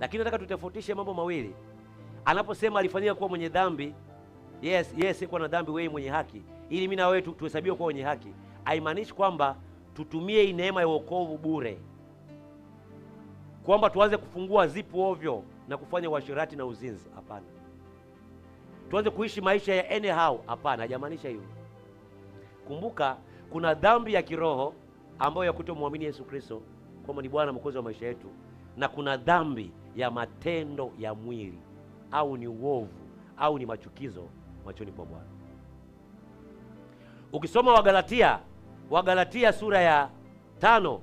Lakini nataka tutofautishe mambo mawili. Anaposema alifanyika kuwa mwenye dhambi, yes, yes, sikuwa na dhambi, wewe mwenye haki, ili mimi na wewe tuhesabiwe kuwa wenye haki, haimaanishi kwamba tutumie hii neema ya wokovu bure, kwamba tuanze kufungua zipu ovyo na kufanya uasherati na uzinzi. Hapana, tuanze kuishi maisha ya anyhow. Hapana, hajamaanisha hiyo. Kumbuka kuna dhambi ya kiroho ambayo ya kutomwamini Yesu Kristo kwamba ni Bwana Mwokozi wa maisha yetu na kuna dhambi ya matendo ya mwili au ni uovu au ni machukizo machoni pa Bwana. Ukisoma Wagalatia, Wagalatia sura ya tano,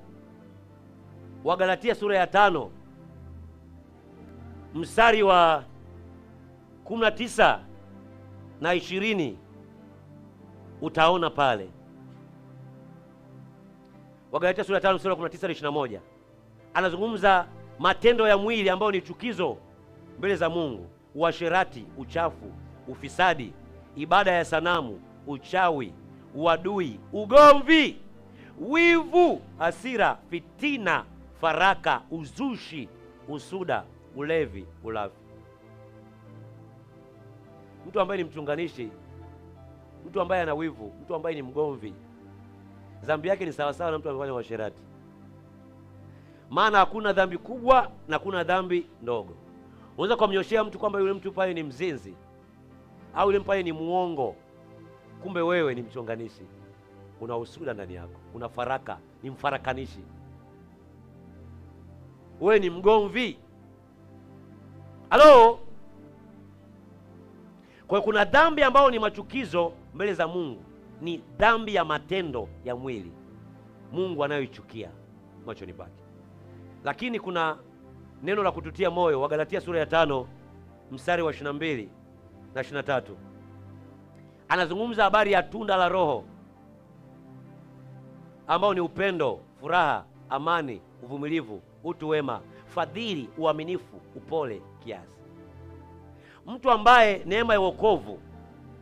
Wagalatia sura ya tano mstari wa 19 na 20 utaona pale Wagalatia sura ya 5 mstari wa 19 na 21 anazungumza matendo ya mwili ambayo ni chukizo mbele za Mungu: uasherati, uchafu, ufisadi, ibada ya sanamu, uchawi, uadui, ugomvi, wivu, hasira, fitina, faraka, uzushi, usuda, ulevi, ulafi. Mtu ambaye ni mchunganishi, mtu ambaye ana wivu, mtu ambaye ni mgomvi, dhambi yake ni sawasawa na mtu amefanya uasherati maana hakuna dhambi kubwa na kuna dhambi ndogo. Unaweza kumnyoshea mtu kwamba yule mtu pale ni mzinzi au yule pale ni muongo, kumbe wewe ni mchonganishi, una usuda ndani yako, una faraka, ni mfarakanishi, wewe ni mgomvi. Halo. Kwa kuna dhambi ambayo ni machukizo mbele za Mungu, ni dhambi ya matendo ya mwili Mungu anayoichukia machoni pake. Lakini kuna neno la kututia moyo, Wagalatia sura ya tano mstari wa 22 na 23, anazungumza habari ya tunda la Roho ambao ni upendo, furaha, amani, uvumilivu, utu wema, fadhili, uaminifu, upole, kiasi. Mtu ambaye neema ya wokovu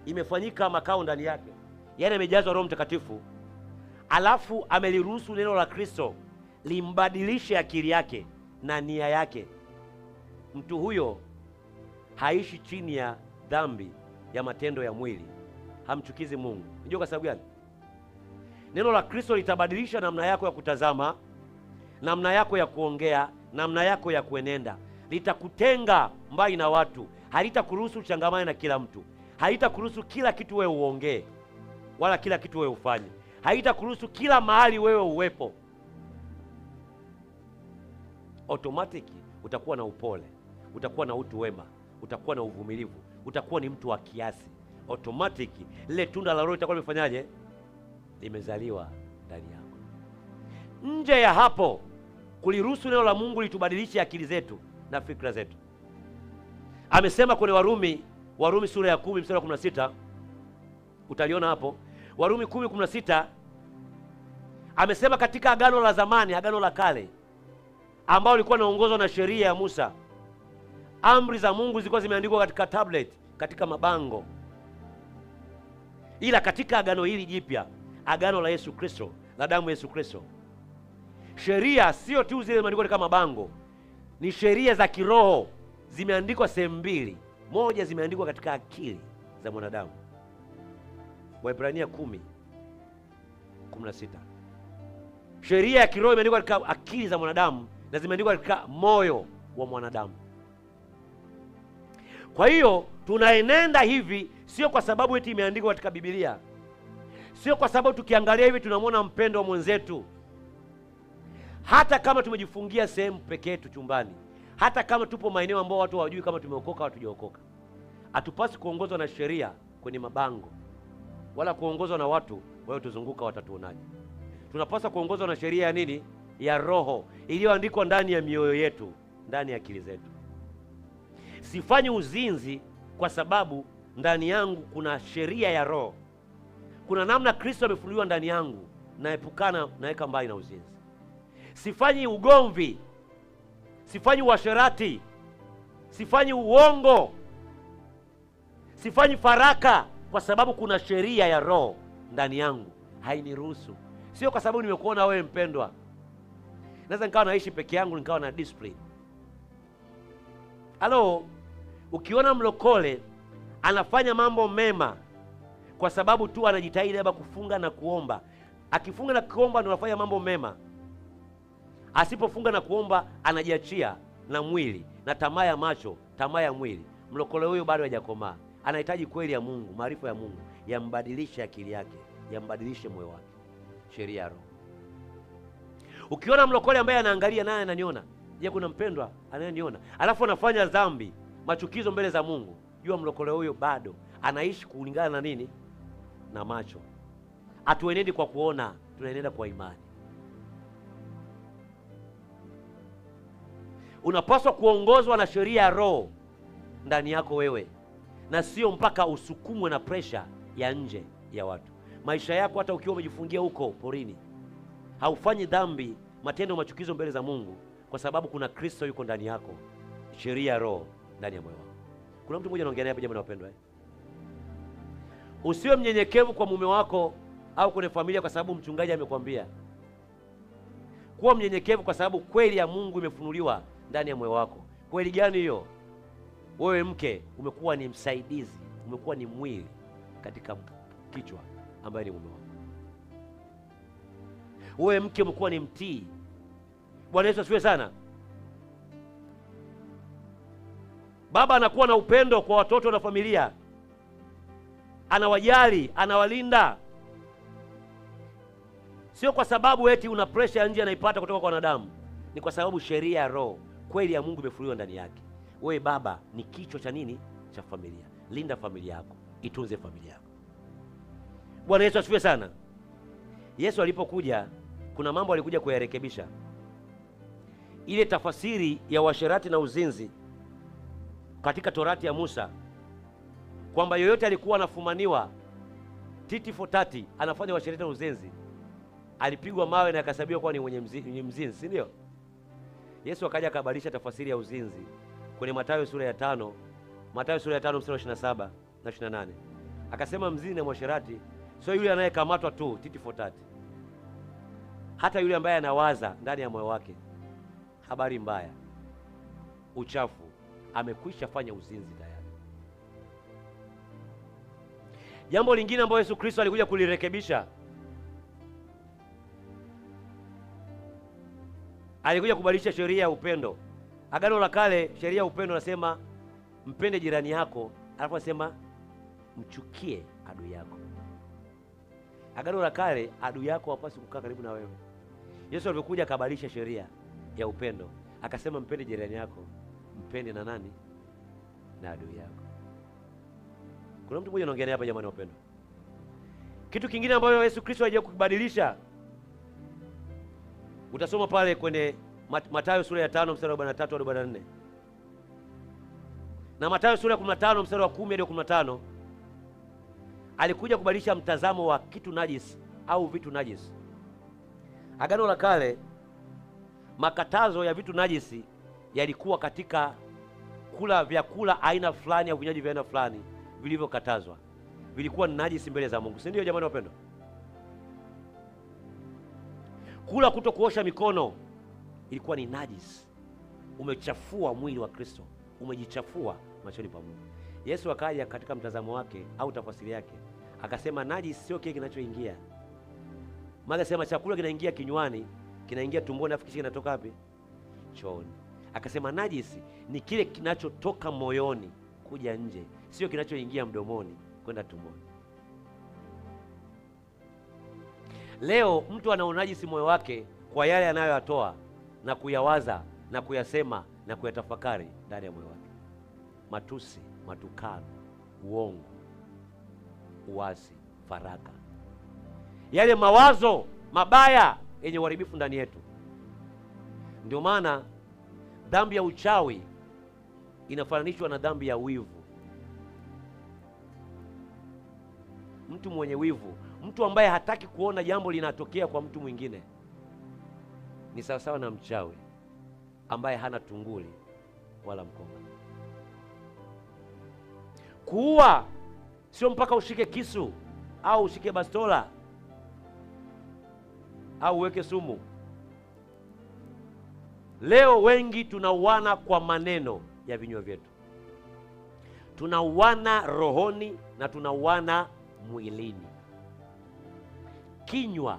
imefanyika makao ndani yake, yaani amejazwa Roho Mtakatifu, alafu ameliruhusu neno la Kristo limbadilishe akili yake na nia yake. Mtu huyo haishi chini ya dhambi ya matendo ya mwili, hamchukizi Mungu. Unajua kwa sababu gani? Neno la Kristo litabadilisha namna yako ya kutazama, namna yako ya kuongea, namna yako ya kuenenda. Litakutenga mbali na watu, halitakuruhusu uchangamane na kila mtu, halitakuruhusu kila kitu wewe uongee, wala kila kitu wewe ufanye, halitakuruhusu kila mahali wewe uwepo automatic utakuwa na upole, utakuwa na utu wema, utakuwa na uvumilivu, utakuwa ni mtu wa kiasi. Automatic lile tunda la Roho litakuwa limefanyaje? Limezaliwa ndani yako. Nje ya hapo, kuliruhusu neno la Mungu litubadilishe akili zetu na fikra zetu. Amesema kwenye Warumi, Warumi sura ya kumi mstari wa 16 utaliona hapo, Warumi 10:16 amesema katika agano la zamani, agano la kale ambao ulikuwa unaongozwa na sheria ya Musa. Amri za Mungu zilikuwa zimeandikwa katika tablet, katika mabango, ila katika agano hili jipya, agano la Yesu Kristo, la damu Yesu Kristo, sheria sio tu zile zimeandikwa katika mabango, ni sheria za kiroho zimeandikwa sehemu mbili. Moja, zimeandikwa katika akili za mwanadamu, Waebrania 10 16. Sheria ya kiroho imeandikwa katika akili za mwanadamu na zimeandikwa katika moyo wa mwanadamu. Kwa hiyo tunaenenda hivi sio kwa sababu eti imeandikwa katika Biblia, sio kwa sababu tukiangalia hivi tunamwona mpendo wa mwenzetu, hata kama tumejifungia sehemu peke yetu chumbani, hata kama tupo maeneo ambao watu hawajui kama tumeokoka au hatujaokoka. Hatupasi kuongozwa na sheria kwenye mabango wala kuongozwa na watu tuzunguka watatuonaje. Tunapaswa kuongozwa na sheria ya nini? ya Roho iliyoandikwa ndani ya mioyo yetu, ndani ya akili zetu. Sifanyi uzinzi kwa sababu ndani yangu kuna sheria ya Roho, kuna namna Kristo amefunuliwa ndani yangu, naepukana, naweka mbali na uzinzi. Sifanyi ugomvi, sifanyi uasherati, sifanyi uongo, sifanyi faraka, kwa sababu kuna sheria ya Roho ndani yangu hainiruhusu. Sio kwa sababu nimekuona wewe mpendwa naweza nikawa naishi peke yangu nikawa na discipline. Halo, ukiona mlokole anafanya mambo mema kwa sababu tu anajitahidi labda kufunga na kuomba, akifunga na kuomba ndio anafanya mambo mema, asipofunga na kuomba anajiachia na mwili na tamaa ya macho, tamaa ya mwili. Mlokole huyo bado hajakomaa, anahitaji kweli ya Mungu, maarifa ya Mungu yambadilishe akili yake, yambadilishe moyo wake, sheria ya Roho. Ukiona mlokole ambaye anaangalia naye ananiona, je, kuna mpendwa anayeniona? Alafu anafanya dhambi, machukizo mbele za Mungu, jua mlokole huyo bado anaishi kulingana na nini? Na macho. Hatuenendi kwa kuona, tunaenenda kwa imani. Unapaswa kuongozwa na sheria ya Roho ndani yako wewe, na sio mpaka usukumwe na presha ya nje ya watu. Maisha yako hata ukiwa umejifungia huko porini, haufanyi dhambi matendo machukizo mbele za Mungu kwa sababu kuna Kristo yuko ndani yako, sheria ya Roho ndani ya moyo wako. Kuna mtu mmoja anaongea naye hapa, jamani wapendwa, eh? Usiwe mnyenyekevu kwa mume wako au kwenye familia kwa sababu mchungaji amekwambia. Kuwa mnyenyekevu kwa sababu kweli ya Mungu imefunuliwa ndani ya moyo wako. Kweli gani hiyo? Wewe mke, umekuwa ni msaidizi, umekuwa ni mwili katika kichwa ambaye ni mume wako wewe mke umekuwa ni mtii. Bwana Yesu asifiwe sana. Baba anakuwa na upendo kwa watoto na familia, anawajali, anawalinda, sio kwa sababu eti una presha ya nje anaipata kutoka kwa wanadamu, ni kwa sababu sheria ya Roho, kweli ya Mungu imefunuliwa ndani yake. Wewe baba ni kichwa cha nini? Cha familia. Linda familia yako, itunze familia yako. Bwana Yesu asifiwe sana. Yesu alipokuja kuna mambo alikuja kuyarekebisha. Ile tafasiri ya washerati na uzinzi katika Torati ya Musa kwamba yoyote alikuwa anafumaniwa titi for tati anafanya washerati na uzinzi alipigwa mawe na akasabiwa kuwa ni mwenye mzinzi, si ndio? Yesu akaja akabadilisha tafasiri ya uzinzi kwenye Mathayo sura ya tano Mathayo sura ya tano mstari wa 27 na 28 akasema mzinzi na mwasherati sio yule anayekamatwa tu titi for tati hata yule ambaye anawaza ndani ya moyo wake habari mbaya, uchafu, amekwisha fanya uzinzi tayari. Jambo lingine ambayo Yesu Kristo alikuja kulirekebisha, alikuja kubadilisha sheria ya upendo. Agano la Kale, sheria ya upendo nasema mpende jirani yako, alafu nasema mchukie adui yako. Agano la Kale, adui yako hapaswi kukaa karibu na wewe. Yesu alivyokuja akabadilisha sheria ya upendo, akasema mpende jirani yako, mpende na nani na adui yako. Kuna mtu mmoja anaongea hapa, jamani upendo Kitu kingine ambayo Yesu Kristo hajakubadilisha utasoma pale kwenye Mathayo sura ya 5 mstari wa 43 hadi 44 na Mathayo sura ya 15 mstari wa 10 hadi 15. Alikuja kubadilisha mtazamo wa kitu najisi au vitu najisi Agano la Kale, makatazo ya vitu najisi yalikuwa katika kula vyakula aina fulani au vinywaji vya aina fulani vilivyokatazwa, vilikuwa ni najisi mbele za Mungu, si ndio? Jamani wapendwa, kula kuto kuosha mikono ilikuwa ni najisi. Umechafua mwili wa Kristo, umejichafua machoni pa Mungu. Yesu akaja katika mtazamo wake au tafasiri yake akasema, najisi sio kile kinachoingia maana sema chakula kinaingia kinywani, kinaingia tumboni, afu kisha kinatoka wapi? Chooni. Akasema najisi ni kile kinachotoka moyoni kuja nje, sio kinachoingia mdomoni kwenda tumboni. Leo mtu anaunajisi moyo wake kwa yale anayoyatoa na kuyawaza na kuyasema na kuyatafakari ndani ya moyo wake: matusi, matukano, uongo, uasi, faraka yale mawazo mabaya yenye uharibifu ndani yetu. Ndio maana dhambi ya uchawi inafananishwa na dhambi ya wivu. Mtu mwenye wivu, mtu ambaye hataki kuona jambo linatokea kwa mtu mwingine, ni sawasawa na mchawi ambaye hana tunguli wala mkonga. Kuua sio mpaka ushike kisu au ushike bastola au uweke sumu. Leo wengi tunauana kwa maneno ya vinywa vyetu, tunauana rohoni na tunauana mwilini. Kinywa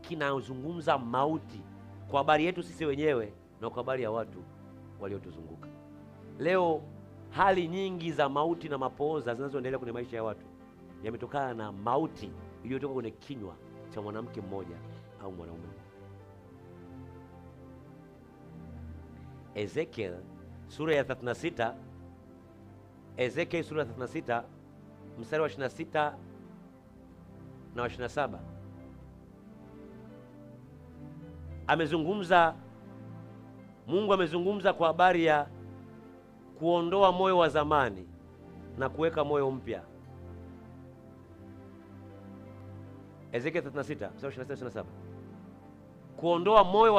kinazungumza mauti kwa habari yetu sisi wenyewe na kwa habari ya watu waliotuzunguka. Leo hali nyingi za mauti na mapooza zinazoendelea kwenye maisha ya watu yametokana na mauti iliyotoka kwenye kinywa cha mwanamke mmoja au mwanaume. Ezekiel sura ya 36, Ezekiel sura ya 36 mstari wa 26 na 27 amezungumza, Mungu amezungumza kwa habari ya kuondoa moyo wa zamani na kuweka moyo mpya. Ezekiel 36 mstari wa 26 27 kuondoa moyo wa